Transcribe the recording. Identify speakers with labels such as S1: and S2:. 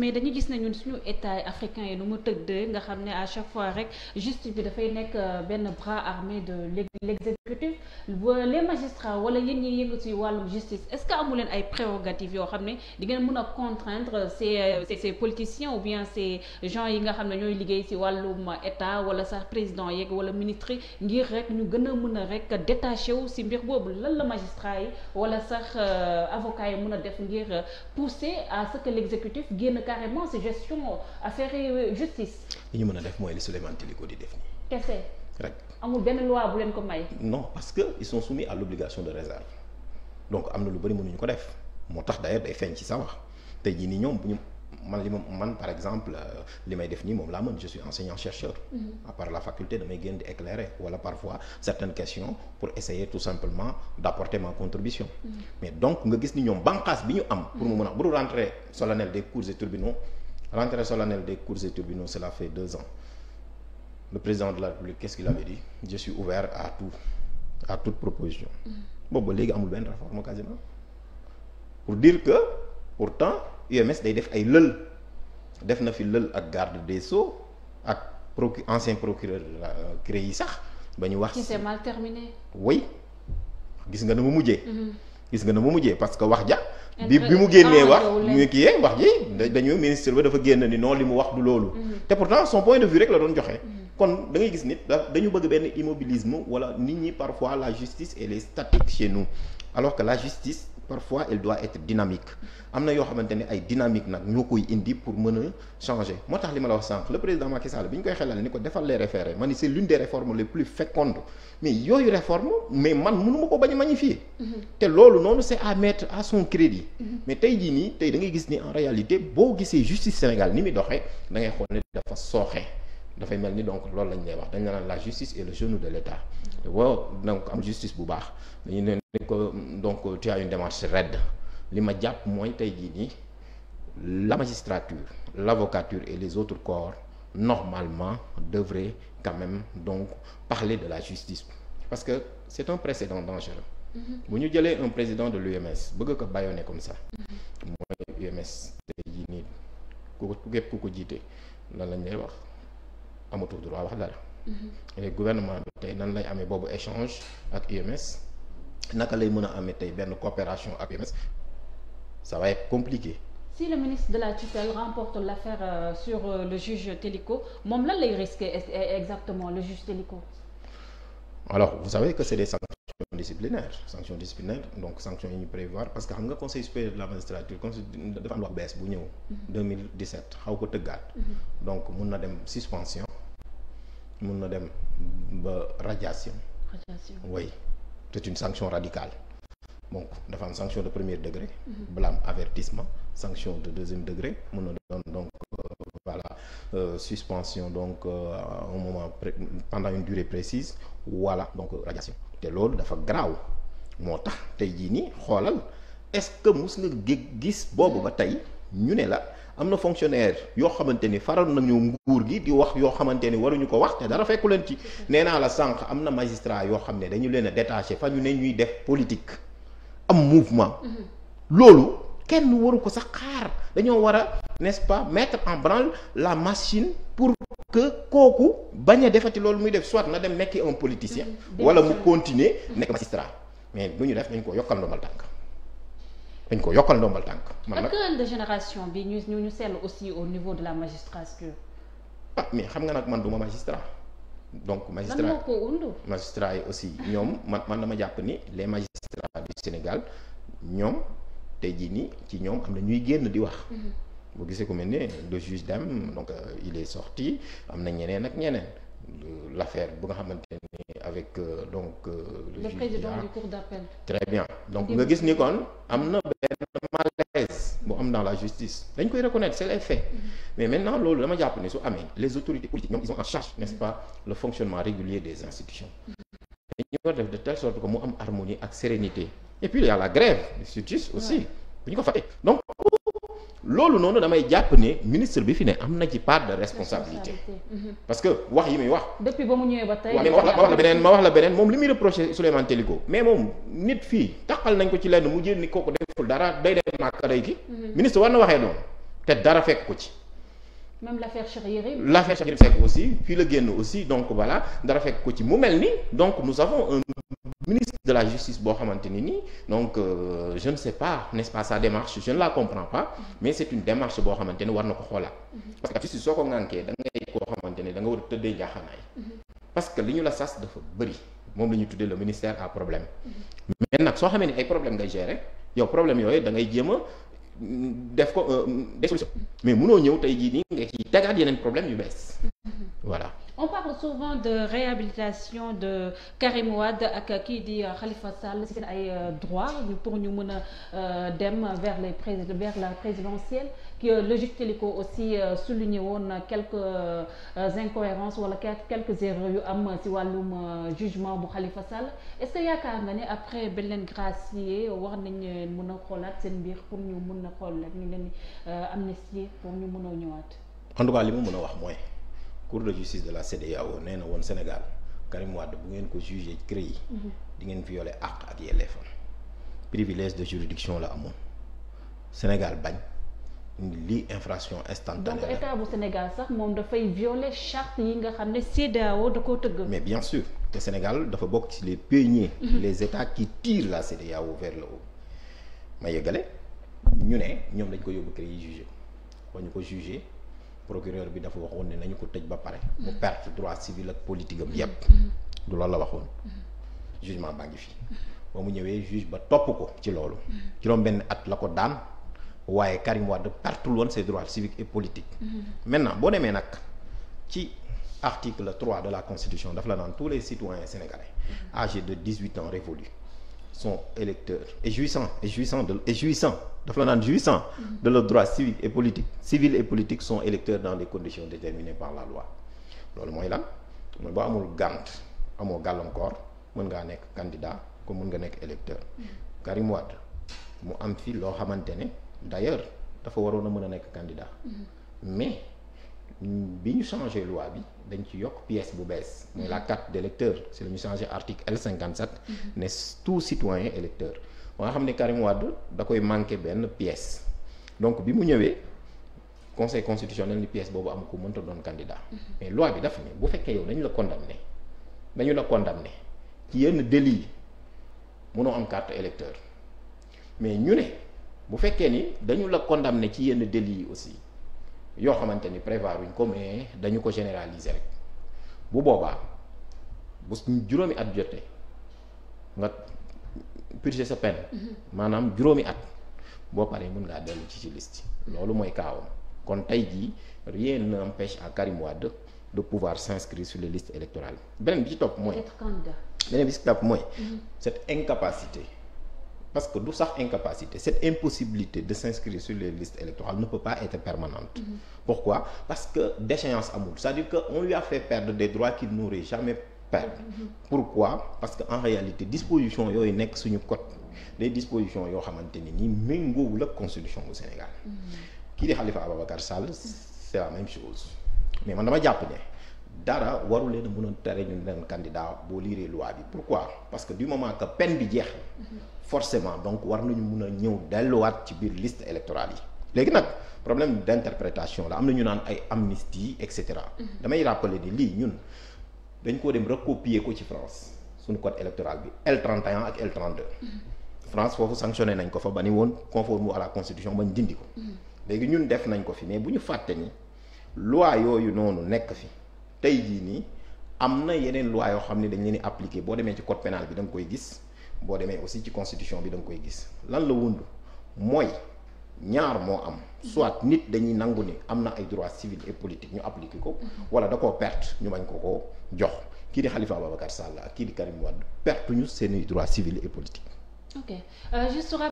S1: mais dañu gis ne ñun suñu état africain yi nu mu tëddee nga xam ne à chaque fois rek justice bi dafay nekk euh, benn bras armé de l'exécutif les magistrats wala yéen ñiy yëngu ci wàllum justice est-ce que amu leen ay yoo xam ne di mën a contraindre euh, ces ces politiciens ou bien ces yi nga xam ne ñooy liggéey ci wàllum état wala sax président yeeg wala ministre ngir rek ñu gën a mën a rek détaché wu ci mbir boobu lan la magistrat yi wala sax euh, avocat yi mun a def ngir pousser à ce que l'exécutif génn carrément si gestion affaire euh, justice.
S2: li ñu mën a def mooy li Souleymane Téliko di def nii. kese rek
S1: amul benn loi bu leen ko may.
S2: non parce que ils sont soumis à l'obligation de réserve donc am na lu bëri mënuñu ko def moo tax d'ailleurs day feeñ ci sa te tey jii nii ñoom bu ñu. man li man par exemple euh, li may def nii moom laa mën je suis enseignant chercheur mm-hmm. à part la faculté damay génn di éclairer wala parfois certaines questions pour essayer tout simplement d'apporter ma contribution mm-hmm. mais donc nga gis ni ñoom banqaas bi ñu am pour mu mën a bu rentrée solennelle des cours et tribunaux rentrée solennelle des cours et tribunaux cela fait deux ans le président de la République qu'est-ce qu'il avait dit je suis ouvert à tout à toute proposition mm-hmm. boobu léegi amul benn réforme quasiment pour dire UMS day def ay lël def na fi lël ak garde de so ak procu ancien procureur euh, CREI yi sax ba ñu wax. qui s'est
S1: mal terminé.
S2: oui gis nga na mu mujjee. Mm-hmm. gis nga na mu mujjee parce que wax ja bi bi mu génnee wax muy kii eh, wax ji dañu ministre ba dafa génn ni non li mu wax du loolu. Mm-hmm. te pourtant son point de vue rek la doon joxe. Mm-hmm. kon da ngay gis nit dañu bëgg benn immobilisme wala nit ñi parfois la justice et est statique chez nous alors que la justice. parfois elle doit être dynamique am na yoo xamante ne ay dynamique nag ñoo koy indi pour mën a changer moo tax li ma la wax sànq le président Macky Sall bi ñu koy xelal ni ko defal les référés ma ni c'est l'une des réformes les plus fécondes mais yooyu réforme mais man mënu ma ko bañ a magnifier mm-hmm. te loolu noonu c'est à mettre à son crédit mm-hmm. mais tey jii nii tey dangay gis ni en réalité boo gisee justice Sénégal ni muy doxee da ngay xool ne dafa sooxe dafay mel ni donc loolu lañ lay wax dañ la naan la justice est le genou de l'État woo donc am justice bu baax dañu ne ni ko donc tu as une démarche raide li ma jàpp mooy tey jii nii la magistrature l'avocature et les autres corps normalement devraient quand même donc parler de la justice parce que c'est un précédent dangereux mm-hmm. bu ñu jëlee un président de l'UMS bëgg ko bâillonner comme ça mm-hmm. mooy UMS tey jii nii ku ko képp ku ko jiite lan lañ lay wax amatul droit wax dara. Mhm. léegi bi tey nan lay amee boobu échange ak UMS naka lay mën a amee tey benn coopération ak UMS ça va être compliqué.
S1: si le ministre de la tutelle remporte l'affaire euh, sur euh, le juge Téliko moom lan lay risquer exactement le juge Téliko.
S2: alors vous savez que c'est des sanctions disciplinaires sanctions disciplinaires ñu prévoir parce que xam nga conseil supérieur de la magistrature comme dafa am wax bees bu ñëw. Mhm. xaw ko tëggaat. Mhm. donc mun na dem suspension. mun na dem ba radiation.
S1: radiation oui
S2: c'est une sanction radicale. donc dafa am sanction de premier degré. Mhm. blâme avertissement sanction de deuxième degré mun na doon donc euh, voilà euh, suspension donc euh, un moment pendant une durée précise voilà donc euh, radiation te loolu dafa garaaw moo tax tey jii nii xoolal est-ce que mus nga gis boobu ba tey ñu ne la. am na fonctionnaire yoo xamante ni faral nañu nguur gi di wax yoo xamante ni waruñu ko wax te dara fekku leen ci nee naa la sànq am na magistrat yoo xam ne dañu leen a détaché fa ñu ne ñuy def politique am mouvement loolu kenn waru ko sax xaar dañoo war a n'est-ce pas mettre en branle la machine pour que kooku bañ a defati loolu muy def soit na dem nekki un politicien mmh, wala mu continuer nekk magistrat mais bu ñu def nañ ko yokkal ma tànk dañ ko yokkal ndombal tànk. man nag ak
S1: de génération bi ñu ñu seetlu aussi au niveau de la magistrature.
S2: ah mais xam nga nag man du ma magistrat. donc magistrat lan moo ko wund magistrat yi aussi ñoom man man dama jàpp ni les magistrats du Sénégal ñoom tey jii nii ci ñoom am na ñuy génn di wax. Mhm. boo gisee ko mel ne le juge Dème donc euh, il est sorti am na ñeneen ak ñeneen. l'affaire bu nga xamante ni avec euh, donc euh, le président du cour d'appel très bien donc nga gis ni kon am na benn malaise bu am dans la justice dañ koy reconnaître c'est les faits mm-hmm. mais maintenant loolu dama jàpp ne su amee les autorités politiques ñoom ils ont en charge n'est-ce pas le fonctionnement régulier des institutions mm-hmm. dañu def de telle sorte que mu am harmonie ak sérénité et puis il la grève de justice aussi bu ñu ko fa donc loolu noonu damay jàpp ni ministre bi fi ne am na ci part de responsabilité parce que wax yi muy wax.
S1: depuis ba mu ñëwee ba tey. ma wax la ma beneen ma
S2: wax la beneen moom li muy reproché Souleymane Teliko mais moom nit fii taxal nañ ko ci lenn mu jël ni kooku deful dara day dem màkk day ki ministre war na waxee noonu te dara fekk ko ci.
S1: même l'affaire Cheikh Yérim.
S2: l'affaire Cheikh Yérim Seck aussi fii la génn aussi donc voilà dara fekk ko ci mu mel ni donc nous avons de la justice boo xamante ni nii donc jeune je ne sais pas nest pas sa démarche je la comprends pas mais c'est une démarche boo xamante ni war na ko xoolaat parce justice soo ko ŋànkee da koo xamante ni da nga war a tëddee njaaxanaay parce que li ñu la sas dafa bëri moom la ñu tuddee le ministère à problème mais nag soo xamee ni ay problème ngay gérer yow problème yooyu da ngay jéem mm, def ko euh, des solutions mais mënoo ñëw tey jii nii nga ci tegaat yeneen problème yu bees
S1: souvent de réhabilitation de Karim Wade ak kii di euh, Khalifa Sall seen ay euh, droits pour ñu mën a euh, dem vers les pré vers la présidentielle que Logique Téléco aussi souligné woon quelques incohérences wala quelques erreurs yu am si wàllum jugement bu xalifa Sall est-ce que yaakaar nga ni après bañ leen gracier war nañ mën a xoolaat seen mbir pour ñu mun a xool rek ñu leen amnistie pour ñu mën a ñëwaat.
S2: en tout cas li mu mën a wax mooy. cour de justice de la CEDEAO nee na woon Sénégal Karim bu ngeen ko jugé CREI yi mhm. di ngeen violer àq ak yelleefam privilège de juridiction la amoon Sénégal bañ lii infraction instantanée donc état
S1: bu Sénégal sax moom dafay violer charte yi nga xam ne CEDEAO da koo tëgg. mais
S2: bien sûr te Sénégal dafa bokk ci les pionniers. Mhm. les états qui tirent la CEDEAO vers le haut. ma yëgale ñu ne ñoom dañ ko yóbbu CREI yi jugé ko ñu procureur bi dafa waxoon ne nañu ko tëj ba pare. mu mm-hmm. perte droit civil ak politique am yépp mm-hmm. du loolu la waxoon. Mm-hmm. jugement baa ngi fii ba mu ñëwee juge ba topp ko ci loolu. juróom-benn at la ko daan waaye Karim Wade pertul woon ses droits civiques et politiques. maintenant boo demee nag ci article 3 de la constitution daf la naan tous les citoyens sénégalais âgés de 18 ans révolus sont électeurs et jouissant et jouissant de et jouissant dafa la naan jouissant de leurs droits civiques et politiques civils et politiques sont électeurs dans des conditions déterminées par la loi loolu mooy lan mooy boo amul gànt amoo gàllankoor mën ngaa nekk candidat comme mën nga nekk électeur Karim Wade mu am fi loo xamante ne d'ailleurs dafa waroon a mën a nekk candidat mm-hmm. mais bi ñu changé loi bi dañu ci yokk pièce bu bees mooy la carte d'électeur si la ñu changé article L57 mm-hmm. ne tout citoyen électeur ba nga xam ne Karim Wade da koy manqué benn pièce donc bi mu ñëwee conseil constitutionnel ni pièce boobu am ko mënta doon candidat mm-hmm. mais loi bi dafa ne bu fekkee yow dañu la condamné dañu la condamné ci yenn délit mënoo am carte électeur mais ñu ne bu fekkee ni dañu la condamné ci yenn délit yi aussi yoo xamante ni prévoir wuñ ko mais dañu ko généraliser rek bu boobaa bu juróomi at jotee nga purger sa peine. Mm-hmm. maanaam juróomi at boo paree mun ngaa dellu ci ci liste loolu mooy kaawam kon tey jii rien n'empêche à Karim Wade de pouvoir s'inscrire sur les listes électorales beneen bi ci topp mooy beneen bi ci topp mooy mm-hmm. cette incapacité parce que du sax incapacité cette impossibilité de s'inscrire sur les listes électorales ne peut pas être permanente mm-hmm. pourquoi parce que déchéance amul c'est-à-dire que on lui a fait perdre des droits qu'il n'aurait jamais perdre mm-hmm. pourquoi parce que en réalité disposition yooyu nekk suñu code des disposition yoo xamante ni nii méngoowul ak constitution bu Sénégal mm-hmm. kii di Khalifa Ababacar Sall c'est la même chose mais man dama jàpp ne dara waru leen a mënoon tere ñu leen candidat boo liiree loi bi pourquoi parce que du moment que peine bi jeex forcément donc war nañu mun a ñëw delluwaat ci biir liste électorale yi léegi nag problème d' interprétation la am na ñu naan ay amnistie et cetera damay rappeler ni lii ñun dañ koo dem recopier ko ci France suñu code électoral bi L31 ak L32 France foofu sanctionné nañ ko fa ba ni woon conforme à la constitution bañ dindi ko léegi ñun def nañ ko fi mais bu ñu fàtte ni yooyu noonu nekk fi tey jii nii am na yeneen loi yoo xam ne dañ leen ni appliquer boo demee ci code pénal bi danga nga koy gis boo demee aussi ci constitution bi da koy gis lan la wundu mooy ñaar moo am soit nit dañuy nangu ni am na ay droits civils et politiques ñu appliquer ko wala da koo perte ñu bañ ko ko jox kii di Khalifa Ababacar Sall ak kii di Karim Wade pertuñu seeni droits civils et politiques
S1: ok euh, juste